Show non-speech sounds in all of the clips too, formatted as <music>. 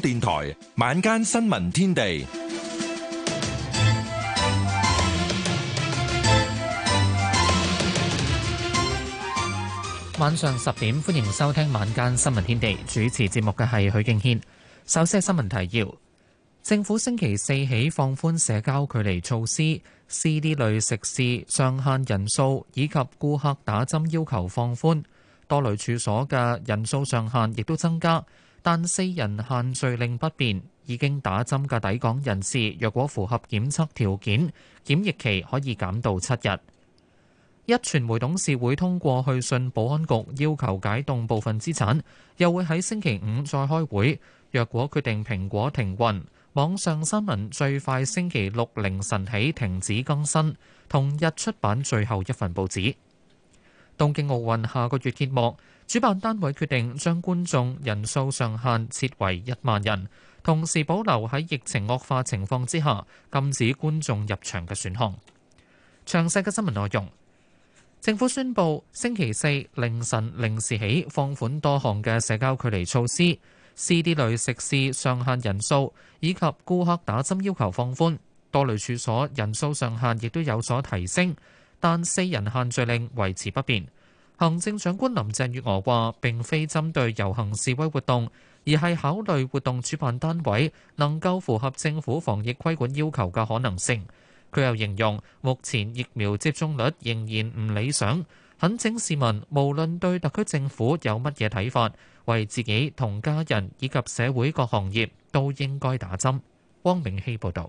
電台晚，晚間新聞天地，晚上十點歡迎收聽晚間新聞天地。主持節目嘅係許敬軒。首先係新聞提要：政府星期四起放寬社交距離措施，C、D 類食肆上限人數以及顧客打針要求放寬，多類處所嘅人數上限亦都增加。但四人限聚令不變，已經打針嘅抵港人士，若果符合檢測條件，檢疫期可以減到七日。壹傳媒董事會通過去信保安局，要求解凍部分資產，又會喺星期五再開會。若果決定蘋果停運，網上新聞最快星期六凌晨起停止更新，同日出版最後一份報紙。東京奧運下個月揭幕。主辦單位決定將觀眾人數上限設為一萬人，同時保留喺疫情惡化情況之下禁止觀眾入場嘅選項。詳細嘅新聞內容，政府宣布星期四凌晨零時起放寬多項嘅社交距離措施，C、D 類食肆上限人數以及顧客打針要求放寬，多類處所人數上限亦都有所提升，但四人限聚令維持不變。行政長官林鄭月娥話：並非針對遊行示威活動，而係考慮活動主辦單位能夠符合政府防疫規管要求嘅可能性。佢又形容，目前疫苗接種率仍然唔理想，懇請市民無論對特區政府有乜嘢睇法，為自己同家人以及社會各行業都應該打針。汪明希報導。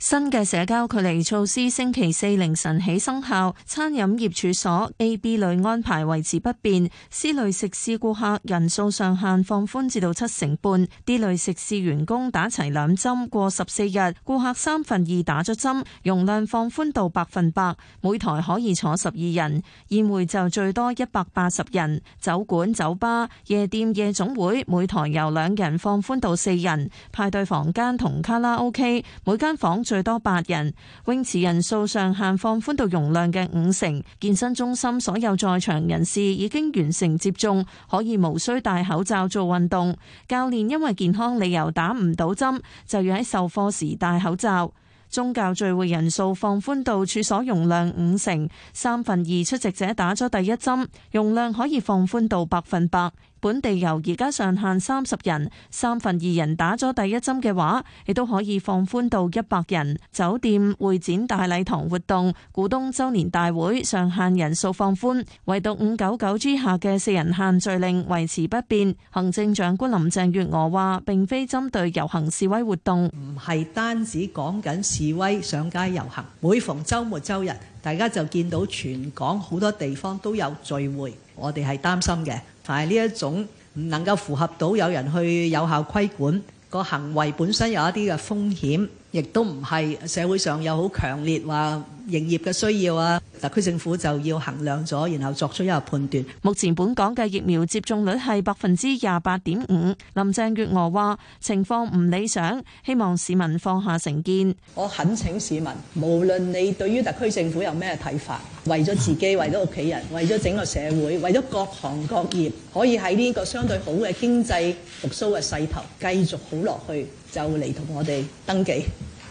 新嘅社交距離措施星期四凌晨起生效，餐飲業處所 A、B 類安排維持不變，C 類食肆顧客人數上限放寬至到七成半，D 類食肆員工打齊兩針過十四日，顧客三分二打咗針，容量放寬到百分百，每台可以坐十二人，宴會就最多一百八十人，酒館、酒吧、夜店、夜總會每台由兩人放寬到四人，派對房間同卡拉 OK 每間房，最多八人，泳池人數上限放寬到容量嘅五成。健身中心所有在場人士已經完成接種，可以無需戴口罩做運動。教練因為健康理由打唔到針，就要喺授課時戴口罩。宗教聚會人數放寬到處所容量五成，三分二出席者打咗第一針，容量可以放寬到百分百。本地遊而家上限三十人，三分二人打咗第一針嘅話，亦都可以放寬到一百人。酒店、會展、大禮堂活動、股東周年大會上限人數放寬，唯獨五九九之下嘅四人限聚令維持不變。行政長官林鄭月娥話並非針對遊行示威活動，唔係單止講緊示威上街遊行。每逢周末周日，大家就見到全港好多地方都有聚會，我哋係擔心嘅。係呢一種唔能夠符合到有人去有效規管，這個行為本身有一啲嘅風險。亦都唔係社會上有好強烈話營業嘅需要啊，特區政府就要衡量咗，然後作出一個判斷。目前本港嘅疫苗接種率係百分之廿八點五，林鄭月娥話情況唔理想，希望市民放下成見。我懇請市民，無論你對於特區政府有咩睇法，為咗自己，為咗屋企人，為咗整個社會，為咗各行各業，可以喺呢個相對好嘅經濟復甦嘅勢頭繼續好落去。就嚟同我哋登記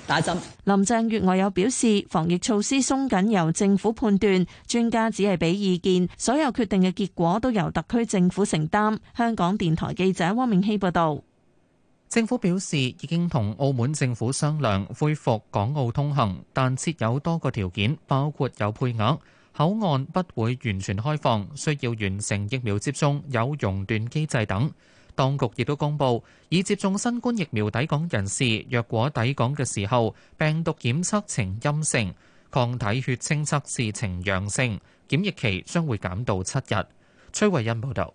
打針。林鄭月娥有表示，防疫措施鬆緊由政府判斷，專家只係俾意見，所有決定嘅結果都由特區政府承擔。香港電台記者汪明熙報導。政府表示已經同澳門政府商量恢復港澳通行，但設有多個條件，包括有配額、口岸不會完全開放、需要完成疫苗接種、有熔斷機制等。當局亦都公佈，已接種新冠疫苗抵港人士，若果抵港嘅時候，病毒檢測呈陰性，抗體血清測試呈陽性，檢疫期將會減到七日。崔慧欣報導。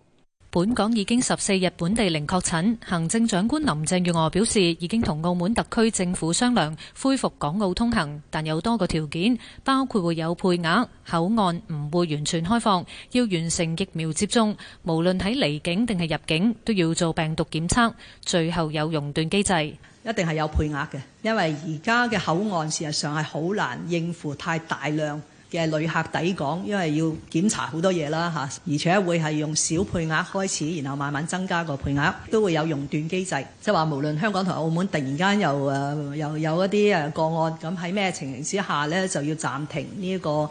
本港已經十四日本地零確診，行政長官林鄭月娥表示已經同澳門特區政府商量恢復港澳通行，但有多個條件，包括會有配額、口岸唔會完全開放、要完成疫苗接種，無論喺離境定係入境都要做病毒檢測，最後有熔斷機制，一定係有配額嘅，因為而家嘅口岸事實上係好難應付太大量嘅旅客抵港，因為要檢查好多嘢啦嚇，而且會係用小配額開始，然後慢慢增加個配額，都會有熔斷機制，即係話無論香港同澳門突然間又誒又有一啲誒個案，咁喺咩情形之下咧，就要暫停呢、這、一個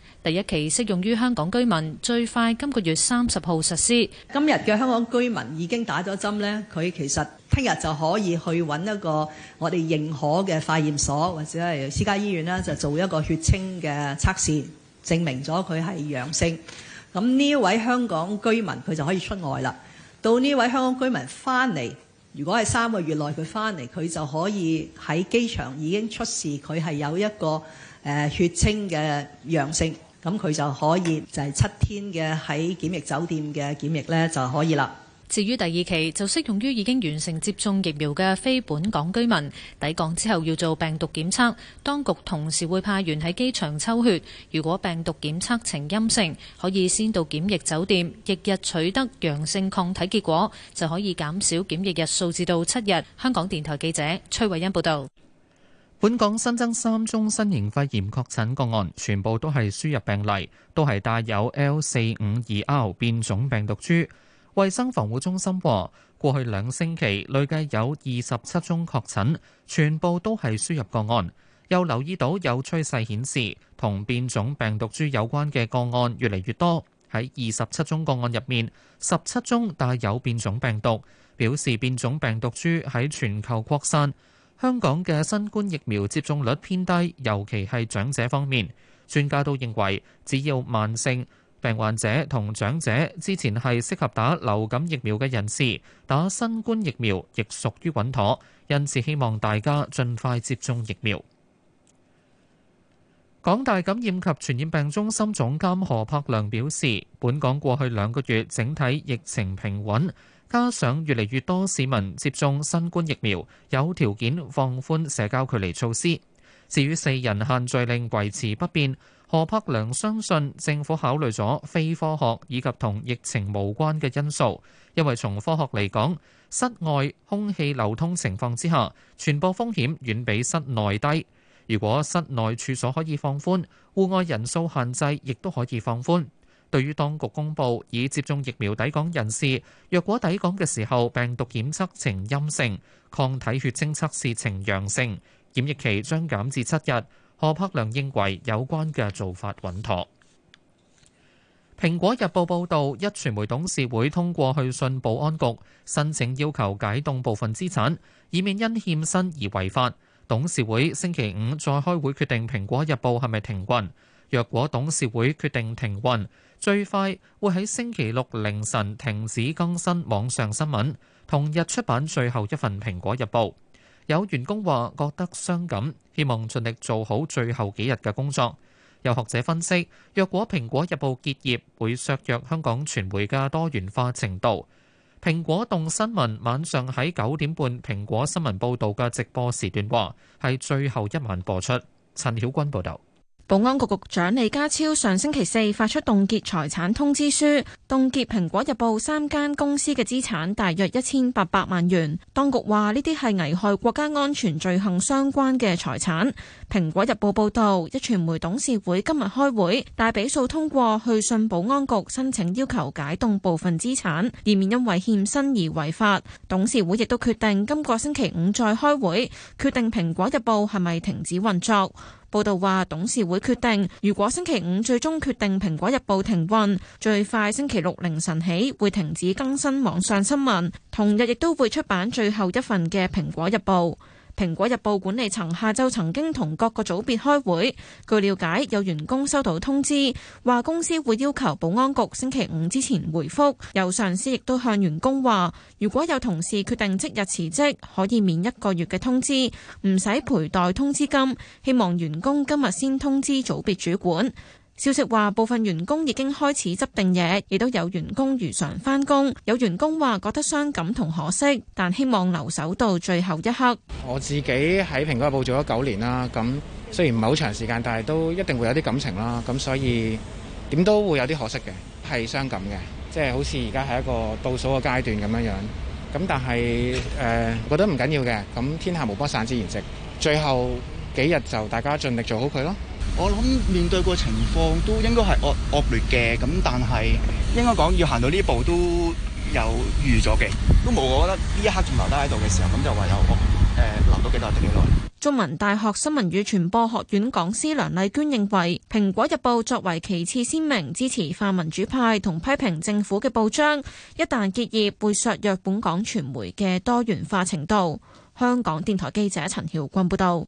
第一期適用於香港居民，最快今個月三十號實施。今日嘅香港居民已經打咗針咧，佢其實聽日就可以去揾一個我哋認可嘅化驗所或者係私家醫院咧，就做一個血清嘅測試，證明咗佢係陽性。咁呢位香港居民佢就可以出外啦。到呢位香港居民翻嚟，如果係三個月內佢翻嚟，佢就可以喺機場已經出示佢係有一個誒血清嘅陽性。咁佢就可以就係七天嘅喺檢疫酒店嘅檢疫呢，就可以啦。至於第二期就適用於已經完成接種疫苗嘅非本港居民，抵港之後要做病毒檢測，當局同時會派員喺機場抽血。如果病毒檢測呈陰性，可以先到檢疫酒店，翌日取得陽性抗體結果就可以減少檢疫日數至到七日。香港電台記者崔慧欣報道。本港新增三宗新型肺炎確診個案，全部都係輸入病例，都係帶有 L 四五二 R 變種病毒株。衛生防護中心話，過去兩星期累計有二十七宗確診，全部都係輸入個案。又留意到有趨勢顯示，同變種病毒株有關嘅個案越嚟越多。喺二十七宗個案入面，十七宗帶有變種病毒，表示變種病毒株喺全球擴散。香港嘅新冠疫苗接種率偏低，尤其係長者方面。專家都認為只要慢性病患者同長者之前係適合打流感疫苗嘅人士，打新冠疫苗亦屬於穩妥。因此，希望大家盡快接種疫苗。港大感染及傳染病中心總監何柏良表示，本港過去兩個月整體疫情平穩。加上越嚟越多市民接種新冠疫苗，有條件放寬社交距離措施。至於四人限聚令維持不變，何柏良相信政府考慮咗非科學以及同疫情無關嘅因素，因為從科學嚟講，室外空氣流通情況之下，傳播風險遠比室內低。如果室內處所可以放寬，戶外人數限制亦都可以放寬。對於當局公布已接種疫苗抵港人士，若果抵港嘅時候病毒檢測呈陰性，抗體血清測試呈陽性，檢疫期將減至七日。何柏良認為有關嘅做法穩妥。蘋果日報報道，壹傳媒董事會通過去信保安局，申請要求解凍部分資產，以免因欠薪而違法。董事會星期五再開會決定蘋果日報係咪停運。若果董事會決定停運，最快會喺星期六凌晨停止更新網上新聞，同日出版最後一份《蘋果日報》。有員工話覺得傷感，希望盡力做好最後幾日嘅工作。有學者分析，若果《蘋果日報》結業，會削弱香港傳媒嘅多元化程度。蘋果動新聞晚上喺九點半《蘋果新聞報導》嘅直播時段話，係最後一晚播出。陳曉君報導。保安局局長李家超上星期四發出凍結財產通知書，凍結《蘋果日報》三間公司嘅資產，大約一千八百萬元。當局話呢啲係危害國家安全罪行相關嘅財產。《蘋果日報》報道，壹傳媒董事會今日開會，大比數通過去信保安局，申請要求解凍部分資產，以免因為欠薪而違法。董事會亦都決定今個星期五再開會，決定《蘋果日報》係咪停止運作。報道話，董事會決定，如果星期五最終決定《蘋果日報》停運，最快星期六凌晨起會停止更新網上新聞，同日亦都會出版最後一份嘅《蘋果日報》。蘋果日報管理層下晝曾經同各個組別開會，據了解有員工收到通知，話公司會要求保安局星期五之前回覆。有上司亦都向員工話，如果有同事決定即日辭職，可以免一個月嘅通知，唔使賠代通知金。希望員工今日先通知組別主管。消息話，部分員工已經開始執定嘢，亦都有員工如常返工。有員工話覺得傷感同可惜，但希望留守到最後一刻。我自己喺蘋果日報做咗九年啦，咁雖然唔係好長時間，但係都一定會有啲感情啦。咁所以點都會有啲可惜嘅，係傷感嘅，即係好似而家係一個倒數嘅階段咁樣樣。咁但係誒，覺得唔緊要嘅。咁天下無不散之筵席，最後幾日就大家盡力做好佢咯。我諗面對個情況都應該係惡惡劣嘅，咁但係應該講，要行到呢步，都有預咗嘅，都冇我覺得呢一刻仲留低喺度嘅時候，咁就唯有誒、哦，呃、留到幾耐得幾耐。中文大學新聞與傳播學院講師梁麗娟認為，《蘋果日報》作為旗幟鮮明支持泛民主派同批評政府嘅報章，一旦結業，會削弱本港傳媒嘅多元化程度。香港電台記者陳曉君報道。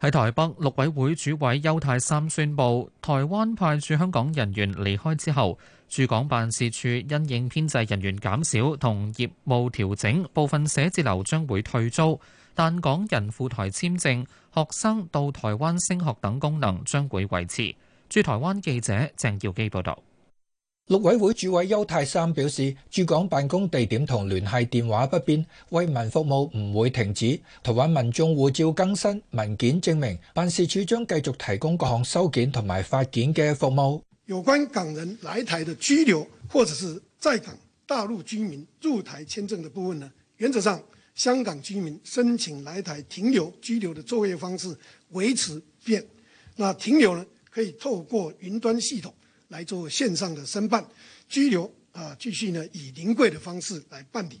喺台北，陸委會主委邱太三宣布，台灣派駐香港人員離開之後，駐港辦事處因應編制人員減少同業務調整，部分寫字樓將會退租，但港人赴台簽證、學生到台灣升學等功能將會維持。駐台灣記者鄭耀基報道。陸委會主委邱泰三表示，駐港辦公地點同聯繫電話不變，為民服務唔會停止，台灣民眾護照更新文件證明，辦事處將繼續提供各項收件同埋發件嘅服務。有關港人來台的居留，或者是在港大陸居民入台簽證的部分呢，原則上，香港居民申請來台停留居留的作業方式維持不變。那停留呢可以透過雲端系統，來做線上的申辦拘留啊，呃，繼續呢以臨櫃的方式來辦理。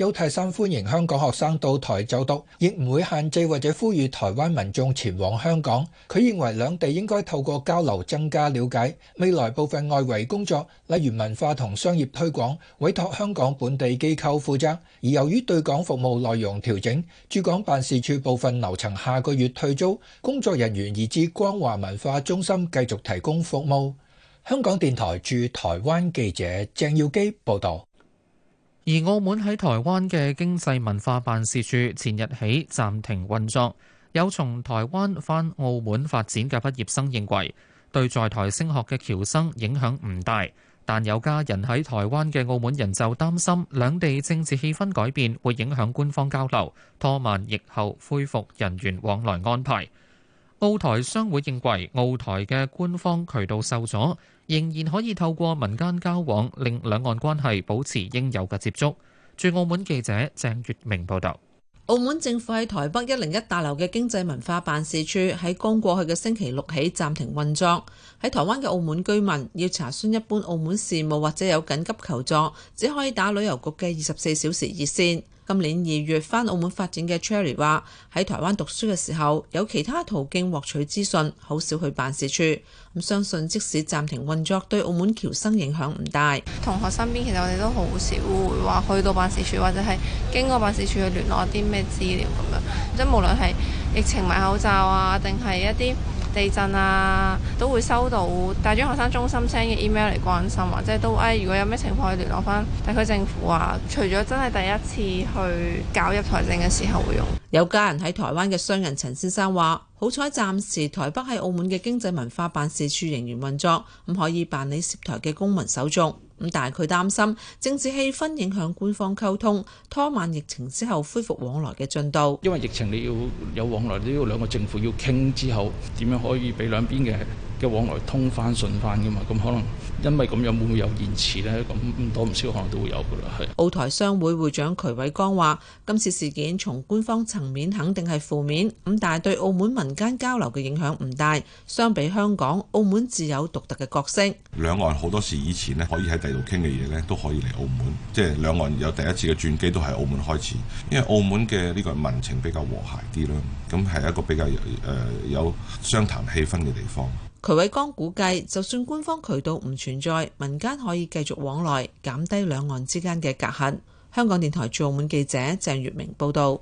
邱泰山歡迎香港學生到台就讀，亦唔會限制或者呼籲台灣民眾前往香港。佢認為兩地應該透過交流增加了解。未來部分外圍工作，例如文化同商業推廣委託香港本地機構負責，而由於對港服務內容調整，駐港辦事處部分樓層下個月退租，工作人員移至光華文化中心繼續提供服務，香港電台駐台灣記者鄭耀基報道。而澳門喺台灣嘅經濟文化辦事處前日起暫停運作，有從台灣返澳門發展嘅畢業生認為，對在台升學嘅僑生影響唔大，但有家人喺台灣嘅澳門人就擔心，兩地政治氣氛改變會影響官方交流，拖慢疫後恢復人員往來安排。澳台商會認為，澳台嘅官方渠道受阻。仍然可以透過民間交往，令兩岸關係保持應有嘅接觸。駐澳門記者鄭月明報道，澳門政府喺台北一零一大樓嘅經濟文化辦事處喺剛過去嘅星期六起暫停運作。喺台灣嘅澳門居民要查詢一般澳門事務或者有緊急求助，只可以打旅遊局嘅二十四小時熱線。今年二月返澳門發展嘅 Cherry 話，喺台灣讀書嘅時候有其他途徑獲取資訊，好少去辦事處，咁相信即使暫停運作，對澳門僑生影響唔大。同學身邊其實我哋都好少會話去到辦事處或者係經過辦事處去聯絡啲咩資料咁樣，即係無論係疫情買口罩啊，定係一啲。地震啊，都會收到大專學生中心 send 嘅 email 嚟關心啊，即係都誒，如果有咩情況可以聯絡返地區政府啊。除咗真係第一次去搞入台證嘅時候會用。有家人喺台灣嘅商人陳先生話：好彩暫時台北喺澳門嘅經濟文化辦事處仍然運作，唔可以辦理涉台嘅公民手續。咁但係佢擔心政治氣氛影響官方溝通，拖慢疫情之後恢復往來嘅進度。因為疫情你要有往來，你要兩個政府要傾之後，點樣可以俾兩邊嘅嘅往來通返順返㗎嘛？咁可能。因為咁樣會唔會有延遲呢？咁多唔少可能都會有噶啦，係。澳台商會會長徐偉光話：今次事件從官方層面肯定係負面，咁但係對澳門民間交流嘅影響唔大。相比香港，澳門自有獨特嘅角色。兩岸好多時以前咧，可以喺第度傾嘅嘢咧，都可以嚟澳門。即係兩岸有第一次嘅轉機，都係澳門開始，因為澳門嘅呢個民情比較和諧啲啦。咁係一個比較誒有，有商談氣氛嘅地方。徐偉光估計，就算官方渠道唔存在，民間可以繼續往來，減低兩岸之間嘅隔閡。香港電台駐澳門記者鄭月明報道。《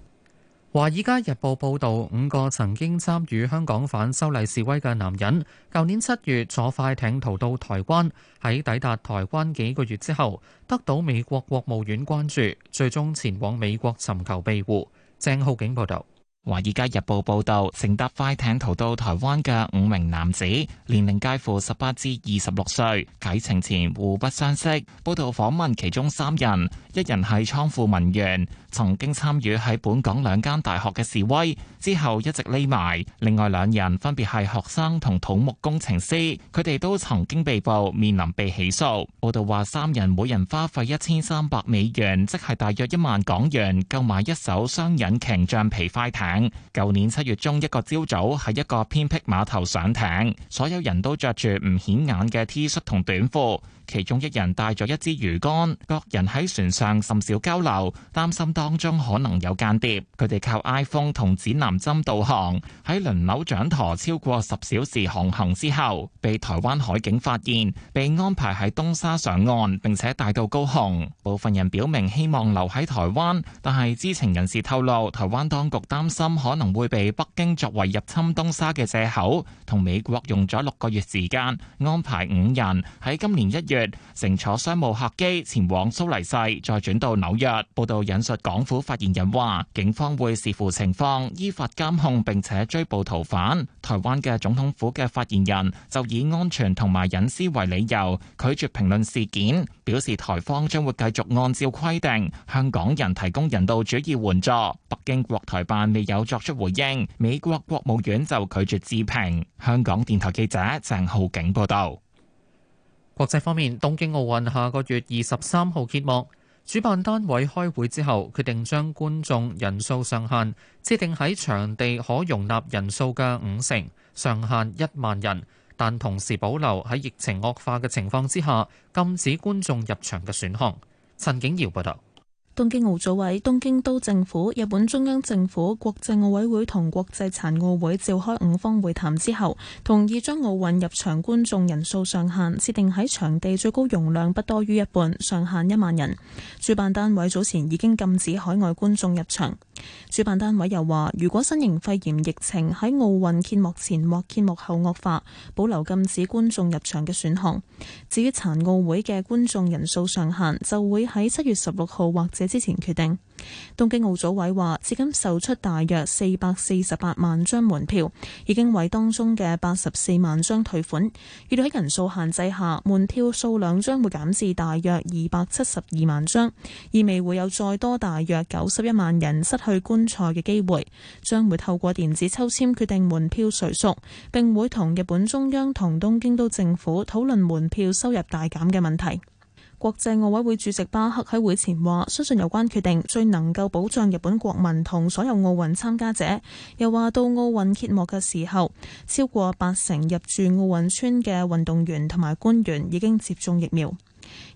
華爾街日報》報道，五個曾經參與香港反修例示威嘅男人，舊年七月坐快艇逃到台灣，喺抵達台灣幾個月之後，得到美國國務院關注，最終前往美國尋求庇護。鄭浩景報道。《華爾街日報》報道，乘搭快艇逃到台灣嘅五名男子，年齡介乎十八至二十六歲，啟程前互不相識。報道訪問其中三人，一人係倉庫文員，曾經參與喺本港兩間大學嘅示威，之後一直匿埋。另外兩人分別係學生同土木工程師，佢哋都曾經被捕，面臨被起訴。報道話，三人每人花費一千三百美元，即係大約一萬港元，購買一艘雙引擎橡皮快艇。舊年七月中一個朝早喺一個偏僻碼頭上艇，所有人都着住唔顯眼嘅 T 恤同短褲。其中一人帶咗一支魚竿，各人喺船上甚少交流，擔心當中可能有間諜。佢哋靠 iPhone 同指南針導航，喺輪流掌舵超過十小時航行之後，被台灣海警發現，被安排喺東沙上岸，並且帶到高雄。部分人表明希望留喺台灣，但係知情人士透露，台灣當局擔心可能會被北京作為入侵東沙嘅藉口。同美國用咗六個月時間安排五人喺今年一月，乘坐商務客機前往蘇黎世，再轉到紐約。報道引述港府發言人話：警方會視乎情況，依法監控並且追捕逃犯。台灣嘅總統府嘅發言人就以安全同埋隱私為理由，拒絕評論事件，表示台方將會繼續按照規定，向港人提供人道主義援助。北京國台辦未有作出回應，美國國務院就拒絕置評。香港電台記者鄭浩景報道。國際方面，東京奧運下個月二十三號揭幕，主辦單位開會之後決定將觀眾人數上限設定喺場地可容納人數嘅五成，上限一萬人，但同時保留喺疫情惡化嘅情況之下禁止觀眾入場嘅選項。陳景堯報道。東京奧組委、東京都政府、日本中央政府、國際奧委會同國際殘奧會召開五方會談之後，同意將奧運入場觀眾人數上限設定喺場地最高容量不多於一半，上限一萬人。主辦單位早前已經禁止海外觀眾入場。主辦單位又話，如果新型肺炎疫情喺奧運揭幕前或揭幕後惡化，保留禁止觀眾入場嘅選項。至於殘奧會嘅觀眾人數上限，就會喺七月十六號或者之前決定，東京奧組委話，至今售出大約四百四十八萬張門票，已經為當中嘅八十四萬張退款。預料喺人數限制下，門票數量將會減至大約二百七十二萬張，意味會有再多大約九十一萬人失去觀賽嘅機會。將會透過電子抽籤決定門票誰屬，並會同日本中央同東京都政府討論門票收入大減嘅問題。國際奧委會主席巴克喺會前話：相信有關決定最能夠保障日本國民同所有奧運參加者。又話，到奧運揭幕嘅時候，超過八成入住奧運村嘅運動員同埋官員已經接種疫苗。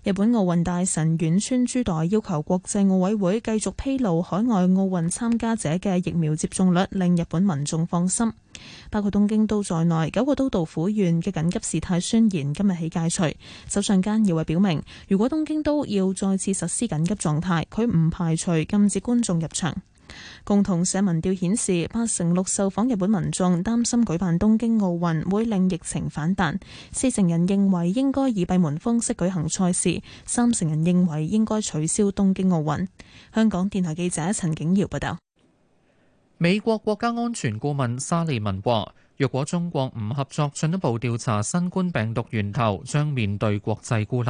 日本奧運大臣遠川珠代要求國際奧委會繼續披露海外奧運參加者嘅疫苗接種率，令日本民眾放心。包括東京都在內，九個都道府縣嘅緊急事態宣言今日起解除。首相菅義偉表明，如果東京都要再次實施緊急狀態，佢唔排除禁止觀眾入場。共同社民調顯示，八成六受訪日本民眾擔心舉辦東京奧運會令疫情反彈，四成人認為應該以閉門方式舉行賽事，三成人認為應該取消東京奧運。香港電台記者陳景堯報道。美國國家安全顧問沙利文話：若果中國唔合作進一步調查新冠病毒源頭，將面對國際孤立。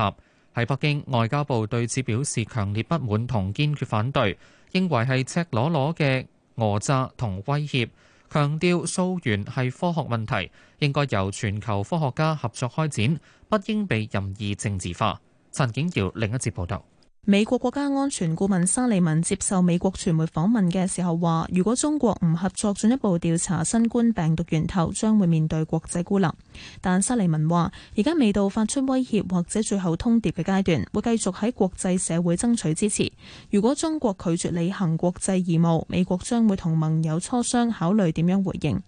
喺北京，外交部對此表示強烈不滿同堅決反對，認為係赤裸裸嘅訛詐同威脅，強調溯源係科學問題，應該由全球科學家合作開展，不應被任意政治化。陳景堯另一節報道。美國國家安全顧問沙利文接受美國傳媒訪問嘅時候話，如果中國唔合作進一步調查新冠病毒源頭，將會面對國際孤立。但沙利文話，而家未到發出威脅或者最後通牒嘅階段，會繼續喺國際社會爭取支持。如果中國拒絕履行國際義務，美國將會同盟友磋商，考慮點樣回應。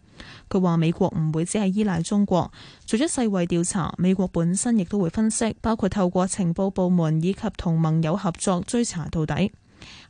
佢話：美國唔會只係依賴中國，除咗世衞調查，美國本身亦都會分析，包括透過情報部門以及同盟友合作追查到底。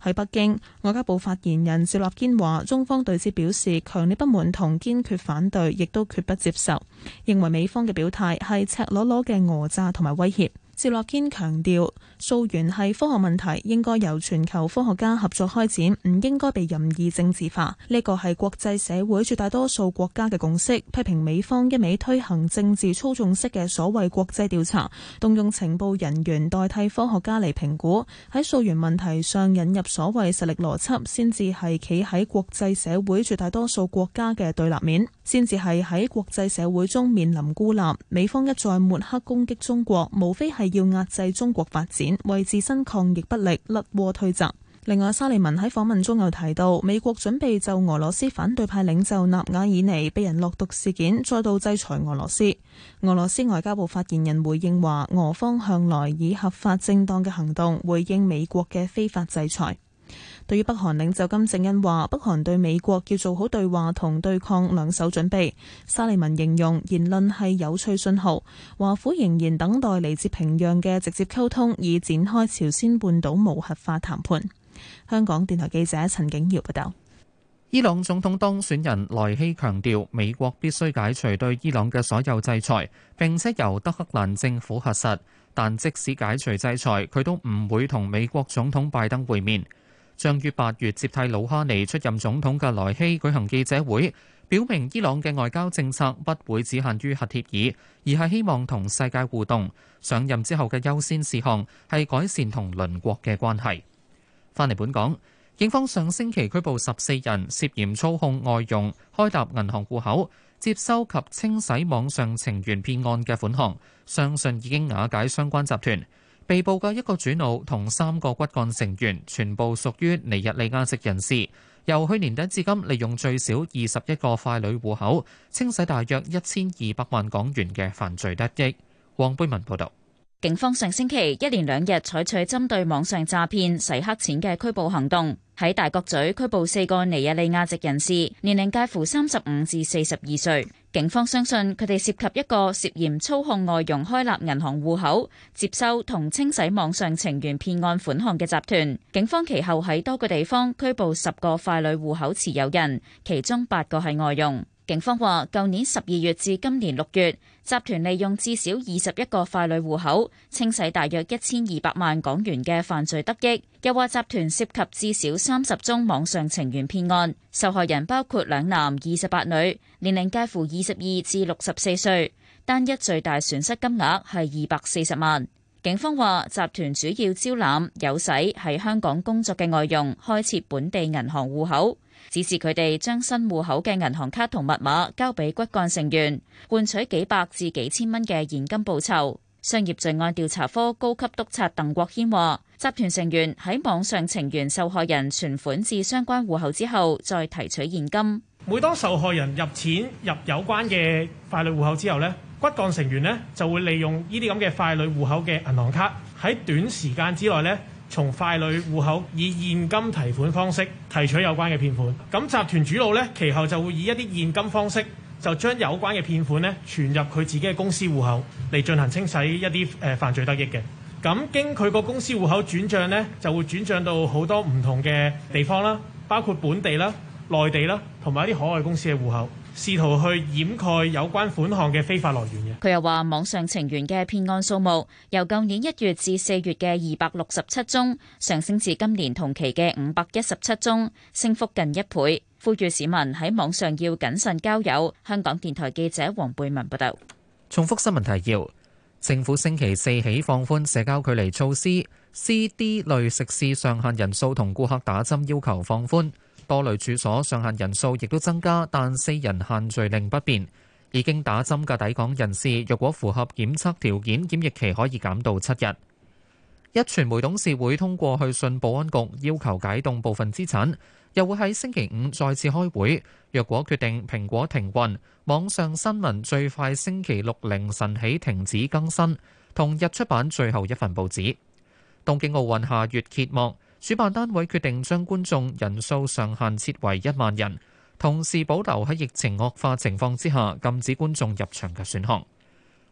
喺北京，外交部發言人趙立堅話：中方對此表示強烈不滿同堅決反對，亦都決不接受，認為美方嘅表態係赤裸裸嘅訛詐同埋威脅。趙立堅強調，溯源係科學問題，應該由全球科學家合作開展，唔應該被任意政治化。呢個係國際社會絕大多數國家嘅共識。批評美方一味推行政治操縱式嘅所謂國際調查，動用情報人員代替科學家嚟評估，喺溯源問題上引入所謂實力邏輯，先至係企喺國際社會絕大多數國家嘅對立面，先至係喺國際社會中面臨孤立。美方一再抹黑攻擊中國，無非係。要壓制中國發展，為自身抗疫不力甩鍋推責。另外，沙利文喺訪問中又提到，美國準備就俄羅斯反對派領袖納瓦爾尼被人落毒事件，再度制裁俄羅斯。俄羅斯外交部發言人回應話，俄方向來以合法正當嘅行動回應美國嘅非法制裁。對於北韓領袖金正恩話，北韓對美國要做好對話同對抗兩手準備。沙利文形容言論係有趣信號。華府仍然等待嚟自平壤嘅直接溝通，以展開朝鮮半島無核化談判。香港電台記者陳景堯報道，伊朗總統當選人萊希強調，美國必須解除對伊朗嘅所有制裁，並且由德黑蘭政府核實。但即使解除制裁，佢都唔會同美國總統拜登會面。將於八月接替魯哈尼出任總統嘅萊希舉行記者會，表明伊朗嘅外交政策不會只限於核協議，而係希望同世界互動。上任之後嘅優先事項係改善同鄰國嘅關係。翻嚟本港，警方上星期拘捕十四人，涉嫌操控外傭開立銀行戶口、接收及清洗網上情緣騙案嘅款項，相信已經瓦解相關集團。被捕嘅一個主腦同三個骨幹成員，全部屬於尼日利亞籍人士，由去年底至今，利用最少二十一個傀儡戶口，清洗大約一千二百萬港元嘅犯罪得益。黃貝文報道。警方上星期一連兩日採取針對網上詐騙洗黑錢嘅拘捕行動，喺大角咀拘捕四個尼日利亞籍人士，年齡介乎三十五至四十二歲。警方相信佢哋涉及一個涉嫌操控外傭開立銀行戶口、接收同清洗網上情緣騙案款項嘅集團。警方其後喺多個地方拘捕十個傀儡戶口持有人，其中八個係外傭。警方話：舊年十二月至今年六月，集團利用至少二十一個傀儡戶口，清洗大約一千二百萬港元嘅犯罪得益。又話集團涉及至少三十宗網上情緣騙案，受害人包括兩男二十八女，年齡介乎二十二至六十四歲，單一最大損失金額係二百四十萬。警方話：集團主要招攬、誘使喺香港工作嘅外傭開設本地銀行戶口。指示佢哋將新戶口嘅銀行卡同密碼交俾骨幹成員，換取幾百至幾千蚊嘅現金報酬。商業罪案調查科高級督察鄧國軒話，集團成員喺網上情緣受害人存款至相關戶口之後，再提取現金。每當受害人入錢入有關嘅傀儡戶口之後呢，骨幹成員呢就會利用呢啲咁嘅傀儡戶口嘅銀行卡喺短時間之內呢。從傀儡戶口以現金提款方式提取有關嘅騙款，咁集團主腦咧其後就會以一啲現金方式就將有關嘅騙款咧存入佢自己嘅公司戶口嚟進行清洗一啲誒、呃、犯罪得益嘅，咁經佢個公司戶口轉賬咧就會轉賬到好多唔同嘅地方啦，包括本地啦、內地啦同埋一啲海外公司嘅戶口。試圖去掩蓋有關款項嘅非法來源嘅。佢又話：網上情緣嘅騙案數目由舊年一月至四月嘅二百六十七宗，上升至今年同期嘅五百一十七宗，升幅近一倍。呼籲市民喺網上要謹慎交友。香港電台記者黃貝文報道。重複新聞提要：政府星期四起放寬社交距離措施，CD 類食肆上限人數同顧客打針要求放寬。多類處所上限人數亦都增加，但四人限聚令不變。已經打針嘅抵港人士，若果符合檢測條件，檢疫期可以減到七日。壹傳媒董事會通過去信保安局，要求解凍部分資產，又會喺星期五再次開會。若果決定蘋果停運，網上新聞最快星期六凌晨起停止更新，同日出版最後一份報紙。東京奧運下月揭幕。主辦單位決定將觀眾人數上限設為一萬人，同時保留喺疫情惡化情況之下禁止觀眾入場嘅選項。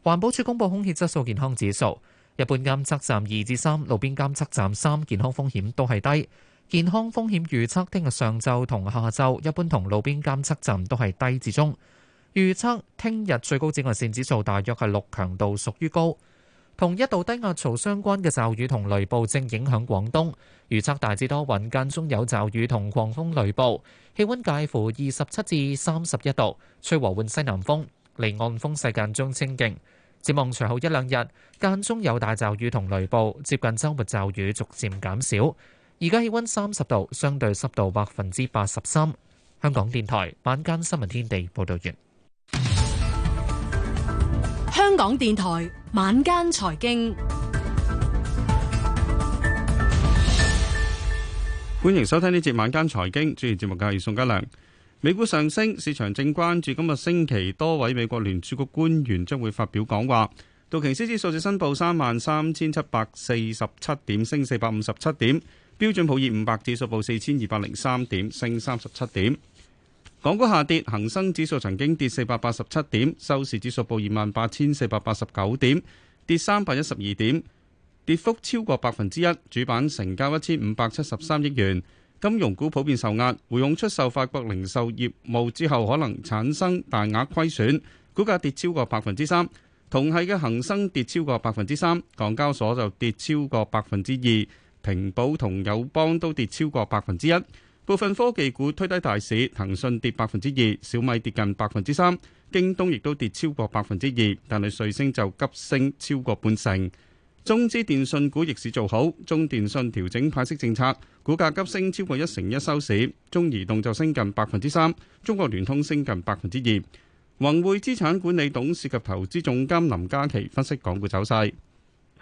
環保署公布空氣質素健康指數，一般監測站二至三，路邊監測站三，健康風險都係低。健康風險預測聽日上晝同下晝，一般同路邊監測站都係低至中。預測聽日最高紫外線指數大約係六，強度屬於高。同一度低壓槽相關嘅驟雨同雷暴正影響廣東，預測大致多雲間中有驟雨同狂風雷暴，氣温介乎二十七至三十一度，吹和緩西南風，離岸風勢間中清勁。展望隨後一兩日間中有大驟雨同雷暴，接近周末驟雨逐漸減，減少。而家氣温三十度，相對濕度百分之八十三。香港電台晚間新聞天地報導完。香港電台晚間財經，歡迎收聽呢節晚間財經。主持節目嘅係宋家良。美股上升，市場正關注今個星期多位美國聯儲局官員將會發表講話。道瓊斯指數最新報三萬三千七百四十七點，升四百五十七點。標準普爾五百指數報四千二百零三點，升三十七點。港股下跌，恒生指數曾經跌四百八十七點，收市指數報二萬八千四百八十九點，跌三百一十二點，跌幅超過百分之一。主板成交一千五百七十三億元，金融股普遍受壓。匯控出售法國零售業務之後，可能產生大額虧損，股價跌超過百分之三。同系嘅恒生跌超過百分之三，港交所就跌超過百分之二，平保同友邦都跌超過百分之一。部分科技股推低大市，騰訊跌百分之二，小米跌近百分之三，京東亦都跌超過百分之二，但係瑞星就急升超過半成。中資電信股逆市做好，中電信調整派息政策，股價急升超過一成一收市。中移動就升近百分之三，中國聯通升近百分之二。宏匯資產管理董事及投資總監林嘉琪分析港股走勢。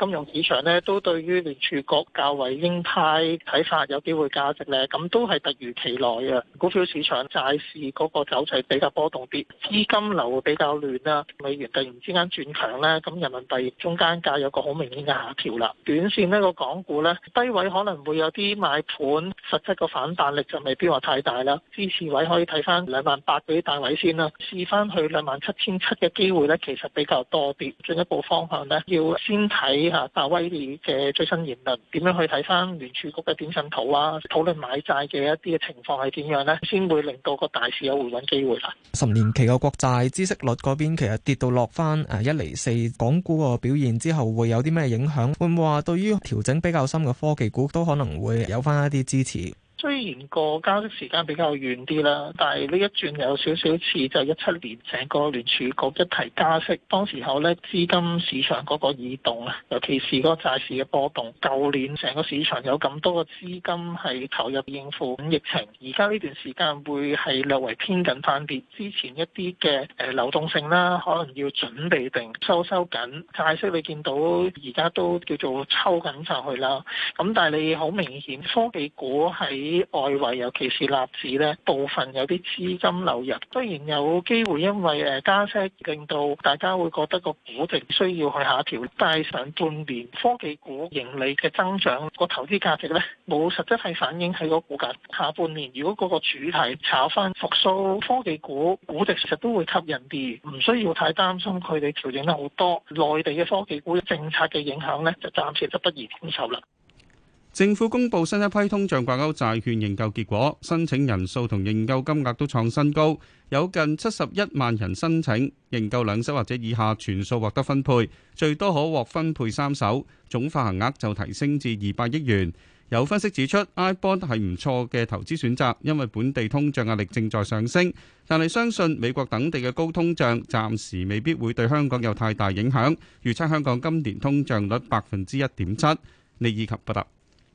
金融市場咧都對於聯儲局較為鷹派睇法有機會價值咧，咁都係突如其來嘅。股票市場債市嗰個走勢比較波動啲，資金流比較亂啦。美元突然之間轉強咧，咁人民幣中間價有個好明顯嘅下調啦。短線呢個港股咧低位可能會有啲買盤，實質個反彈力就未必話太大啦。支持位可以睇翻兩萬八啲大位先啦，試翻去兩萬七千七嘅機會咧，其實比較多啲。進一步方向咧，要先睇。啊，鮑威爾嘅最新言論點樣去睇翻聯儲局嘅點陣圖啊？討論買債嘅一啲嘅情況係點樣咧？先會令到個大市有回穩機會啦。十年期嘅國債孳息率嗰邊其實跌到落翻誒一厘四，港股個表現之後會有啲咩影響？會唔會話對於調整比較深嘅科技股都可能會有翻一啲支持？雖然個加息時間比較遠啲啦，但係呢一轉有少少似就係一七年整個聯儲局一提加息，當時候呢資金市場嗰個異動啊，尤其是個債市嘅波動。舊年成個市場有咁多嘅資金係投入應付緊疫情，而家呢段時間會係略為偏緊翻啲。之前一啲嘅誒流動性啦，可能要準備定收收緊，債息你見到而家都叫做抽緊上去啦。咁但係你好明顯科技股喺啲外圍，尤其是納指咧，部分有啲資金流入。雖然有機會因為誒、呃、加息，令到大家會覺得個估值需要去下調，但係上半年科技股盈利嘅增長，個投資價值咧冇實質係反映喺個股價。下半年如果嗰個主題炒翻復甦科技股，估值其實都會吸引啲，唔需要太擔心佢哋調整得好多。內地嘅科技股政策嘅影響咧，就暫時就不宜接受啦。政府公布新一批通脹掛鉤債券認購結果，申請人數同認購金額都創新高，有近七十一萬人申請認購兩手或者以下，全數獲得分配，最多可獲分配三手，總發行額就提升至二百億元。有分析指出，iBond 係唔錯嘅投資選擇，因為本地通脹壓力正在上升，但係相信美國等地嘅高通脹暫時未必會對香港有太大影響。預測香港今年通脹率百分之一點七，李以及報道。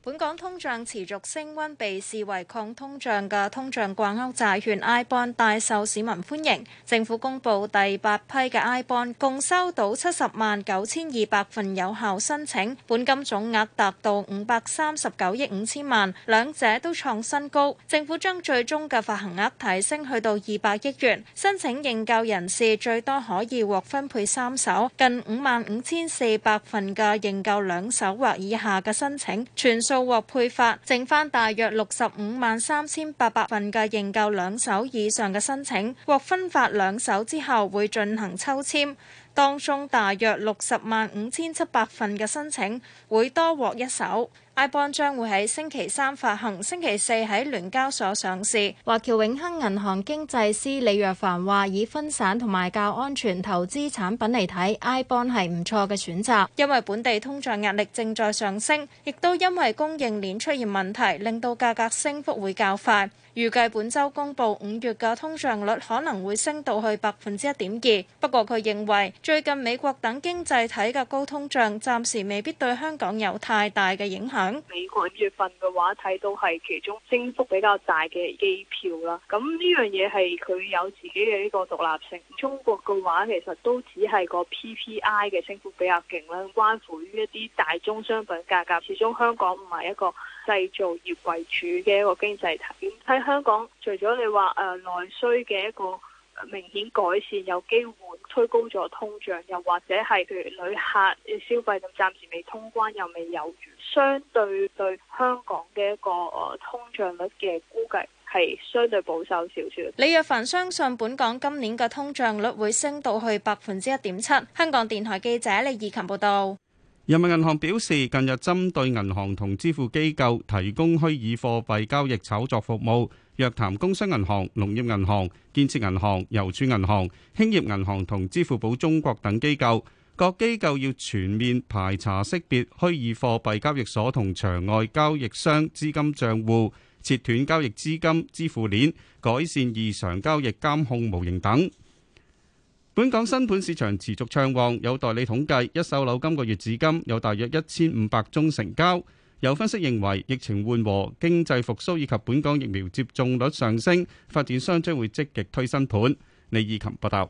本港通脹持續升溫，被視為抗通脹嘅通脹掛鈎債券 iBond 大受市民歡迎。政府公布第八批嘅 iBond，共收到七十萬九千二百份有效申請，本金總額達到五百三十九億五千萬，兩者都創新高。政府將最終嘅發行額提升去到二百億元，申請認購人士最多可以獲分配三手，近五萬五千四百份嘅認購兩手或以下嘅申請，全數到獲配發，剩翻大約六十五萬三千八百份嘅認購兩手以上嘅申請，獲分發兩手之後，會進行抽籤，當中大約六十萬五千七百份嘅申請會多獲一手。iBond 將會喺星期三發行，星期四喺聯交所上市。華僑永亨銀行經濟師李若凡話，以分散同埋較安全投資產品嚟睇，iBond 係唔錯嘅選擇，因為本地通脹壓力正在上升，亦都因為供應鏈出現問題，令到價格升幅會較快。預計本週公佈五月嘅通脹率可能會升到去百分之一點二，不過佢認為最近美國等經濟體嘅高通脹暫時未必對香港有太大嘅影響。美國五月份嘅話，睇到係其中升幅比較大嘅機票啦，咁呢樣嘢係佢有自己嘅呢個獨立性。中國嘅話，其實都只係個 PPI 嘅升幅比較勁啦，關乎於一啲大宗商品價格，始終香港唔係一個。製造業為主嘅一個經濟體，喺香港，除咗你話誒內需嘅一個明顯改善，有機會推高咗通脹，又或者係譬如旅客嘅消費暫時未通關又未有，相對對香港嘅一個通脹率嘅估計係相對保守少少。李若凡相信本港今年嘅通脹率會升到去百分之一點七。香港電台記者李義琴報道。人民銀行表示，近日針對銀行同支付機構提供虛擬貨幣交易炒作服務，約談工商銀行、農業銀行、建設銀行、郵儲銀行、興業銀行同支付寶中國等機構。各機構要全面排查識別虛擬貨幣交易所同場外交易商資金賬戶，切斷交易資金支付鏈，改善異常交易監控模型等。本港新盤市場持續暢旺，有代理統計，一手樓今個月至今有大約一千五百宗成交。有分析認為，疫情緩和、經濟復甦以及本港疫苗接種率上升，發展商將會積極推新盤。李以琴報道。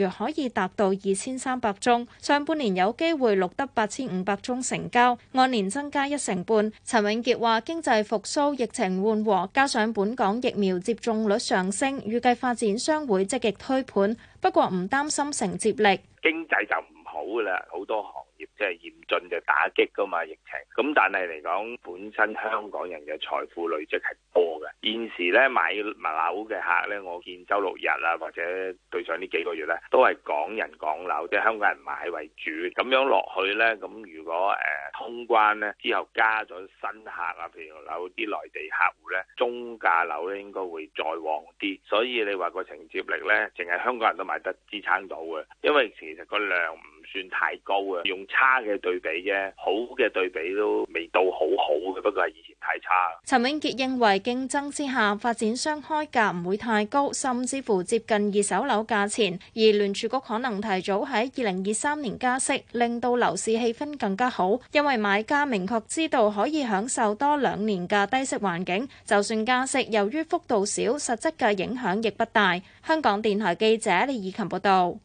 若可以達到二千三百宗，上半年有機會錄得八千五百宗成交，按年增加一成半。陳永傑話：經濟復甦、疫情緩和，加上本港疫苗接種率上升，預計發展商會積極推盤，不過唔擔心承接力。經濟就唔好啦，好多行。即係嚴峻嘅打擊㗎嘛疫情，咁但係嚟講，本身香港人嘅財富累積係多嘅。現時咧買物樓嘅客咧，我見周六日啊，或者對上呢幾個月咧，都係港人港樓，即係香港人買為主。咁樣落去咧，咁如果誒呃通關咧之後加咗新客啊，譬如有啲內地客戶咧，中價樓咧應該會再旺啲。所以你話個承接力咧，淨係香港人都買得支撐到嘅，因為其實個量唔算太高啊，用差嘅對比啫，好嘅對比都未到好好嘅，不過係以前太差。陳永傑認為競爭之下，發展商開價唔會太高，甚至乎接近二手樓價錢，而聯儲局可能提早喺二零二三年加息，令到樓市氣氛更加好，因為買家明確知道可以享受多兩年嘅低息環境。就算加息，由於幅度少，實質嘅影響亦不大。香港電台記者李以琴報道。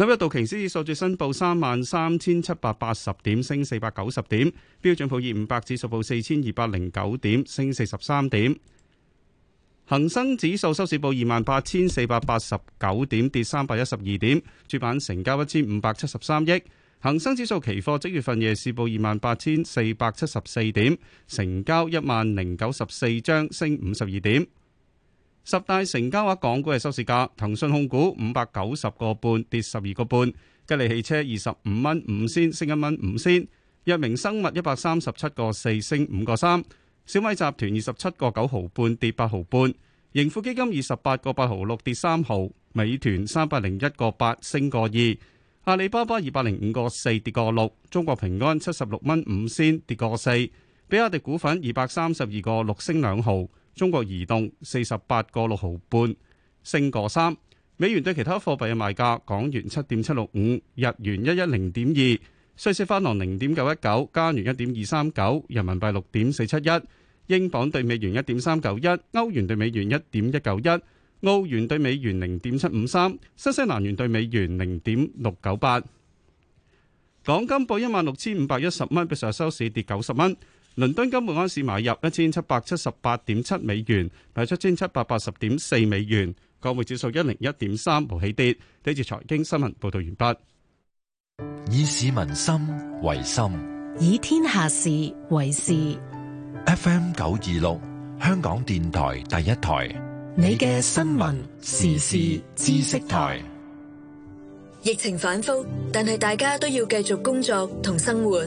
今日道瓊斯指數最新報三萬三千七百八十點，升四百九十點；標準普爾五百指數報四千二百零九點，升四十三點；恒生指數收市報二萬八千四百八十九點，跌三百一十二點；主板成交一千五百七十三億；恒生指數期貨即月份夜市報二萬八千四百七十四點，成交一萬零九十四張，升五十二點。十大成交額港股嘅收市價：騰訊控股五百九十個半跌十二個半；吉利汽車二十五蚊五仙升一蚊五仙；藥明生物一百三十七個四升五個三；小米集團二十七個九毫半跌八毫半；盈富基金二十八個八毫六跌三毫；美團三百零一個八升個二；阿里巴巴二百零五個四跌個六；中國平安七十六蚊五仙跌個四；比亞迪股份二百三十二個六升兩毫。中國移動四十八個六毫半，升過三。美元對其他貨幣嘅賣價：港元七點七六五，日元一一零點二，瑞士法郎零點九一九，加元一點二三九，人民幣六點四七一，英鎊兌美元一點三九一，歐元兌美元一點一九一，澳元兌美元零點七五三，新西蘭元兌美元零點六九八。港金報一萬六千五百一十蚊，比上收市跌九十蚊。倫敦金每盎司買入一千七百七十八點七美元，賣出一千七百八十點四美元，港匯指數一零一點三冇起跌。呢次財經新聞報道完畢。以市民心為心，以天下事為事。F M 九二六，香港電台第一台，你嘅新聞時事知識台。疫情反覆，但係大家都要繼續工作同生活。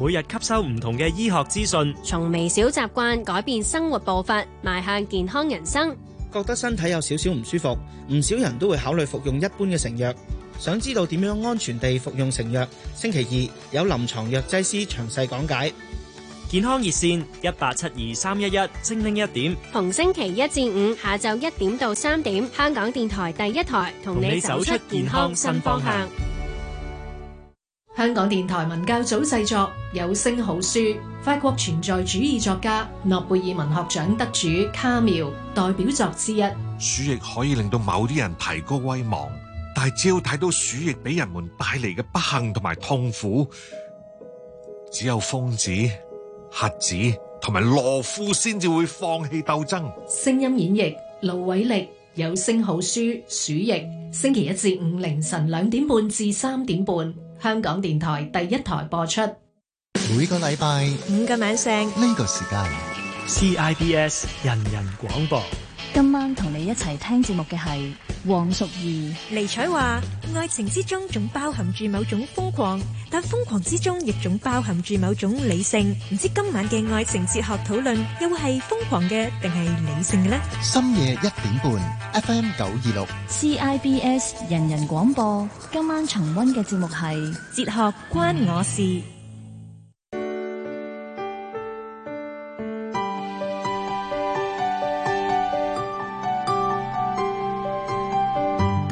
每日吸收唔同嘅醫學資訊，從微小習慣改變生活步伐，邁向健康人生。覺得身體有少少唔舒服，唔少人都會考慮服用一般嘅成藥。想知道點樣安全地服用成藥？星期二有臨床藥劑師詳細講解。健康熱線一八七二三一一，11，精靈一點。逢星期一至五下晝一點到三點，香港電台第一台同你走出健康新方向。香港電台文教組製作有聲好書，法國存在主義作家、諾貝爾文學獎得主卡繆代表作之一《鼠疫》。可以令到某啲人提高威望，但係只要睇到鼠疫俾人們帶嚟嘅不幸同埋痛苦，只有瘋子、瞎子同埋懦夫先至會放棄鬥爭。聲音演繹：盧偉力，有聲好書《鼠疫》，星期一至五凌晨兩點半至三點半。香港電台第一台播出，每個禮拜五個名聲呢個時間，CIBS 人人廣播。今晚同你一齊聽節目嘅係黃淑儀。尼采話：愛情之中總包含住某種瘋狂，但瘋狂之中亦總包含住某種理性。唔知今晚嘅愛情哲學討論又會係瘋狂嘅，定係理性嘅呢？深夜一點半，FM 九二六，CIBS 人人廣播。今晚重溫嘅節目係《哲學關我事》。嗯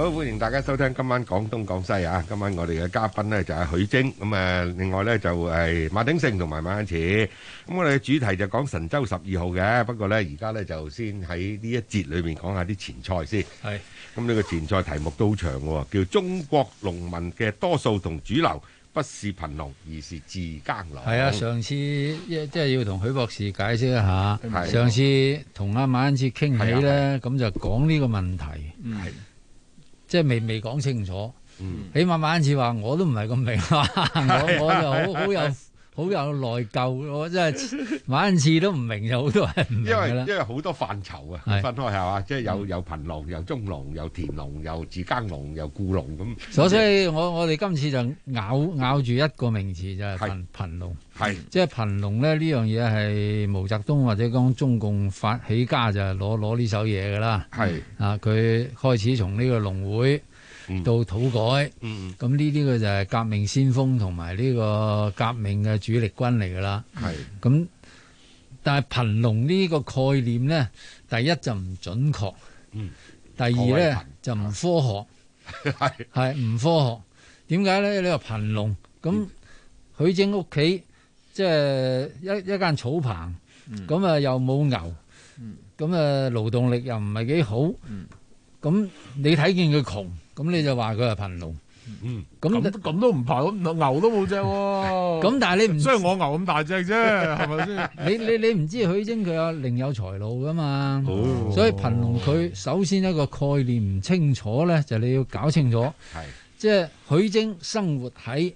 好，歡迎大家收聽今晚廣東廣西啊！今晚我哋嘅嘉賓咧就係許晶，咁啊，另外咧就係馬鼎盛同埋馬恩賜。咁我哋嘅主題就講神舟十二號嘅，不過咧而家咧就先喺呢一節裏邊講下啲前菜先。係，咁呢個前菜題目都好長嘅，叫《中國農民嘅多數同主流不是貧農，而是自耕農》。係啊，上次即係要同許博士解釋一下。係。上次同阿馬恩賜傾起咧，咁就講呢個問題。嗯。係。即係未未講清楚，起碼每次話我都唔係咁明啊！我我就好好有。好有內疚我真係每一次都唔明，有好 <laughs> 多人因為因為好多範疇啊，是分開係嘛？即係有又貧農，又中農，又田農，又自耕農，又僱農咁。是所以，我我哋今次就咬咬住一個名詞就係、是、貧是貧農。係是，即係貧農咧，呢樣嘢係毛澤東或者講中共發起家就攞攞呢首嘢㗎啦。係是啊，佢開始從呢個農會。到土改，咁呢啲佢就係革命先鋒同埋呢個革命嘅主力軍嚟噶啦。係咁的，但係貧農呢個概念咧，第一就唔準確，第二咧就唔科學，係唔的科學。點解咧？你話貧農咁，許正屋企即係一一間草棚，咁啊、嗯、又冇牛，咁啊勞動力又唔係幾好，咁、嗯、你睇見佢窮。咁你就話佢係貧農，咁咁都唔跑，牛都冇隻，啊。咁 <laughs> 但係你唔像 <laughs> 我牛咁大隻啫，係咪先？你你你唔知許晶佢有另有財路噶嘛。Oh. 所以貧農佢首先一個概念唔清楚咧，就係、你要搞清楚，即係許晶生活喺。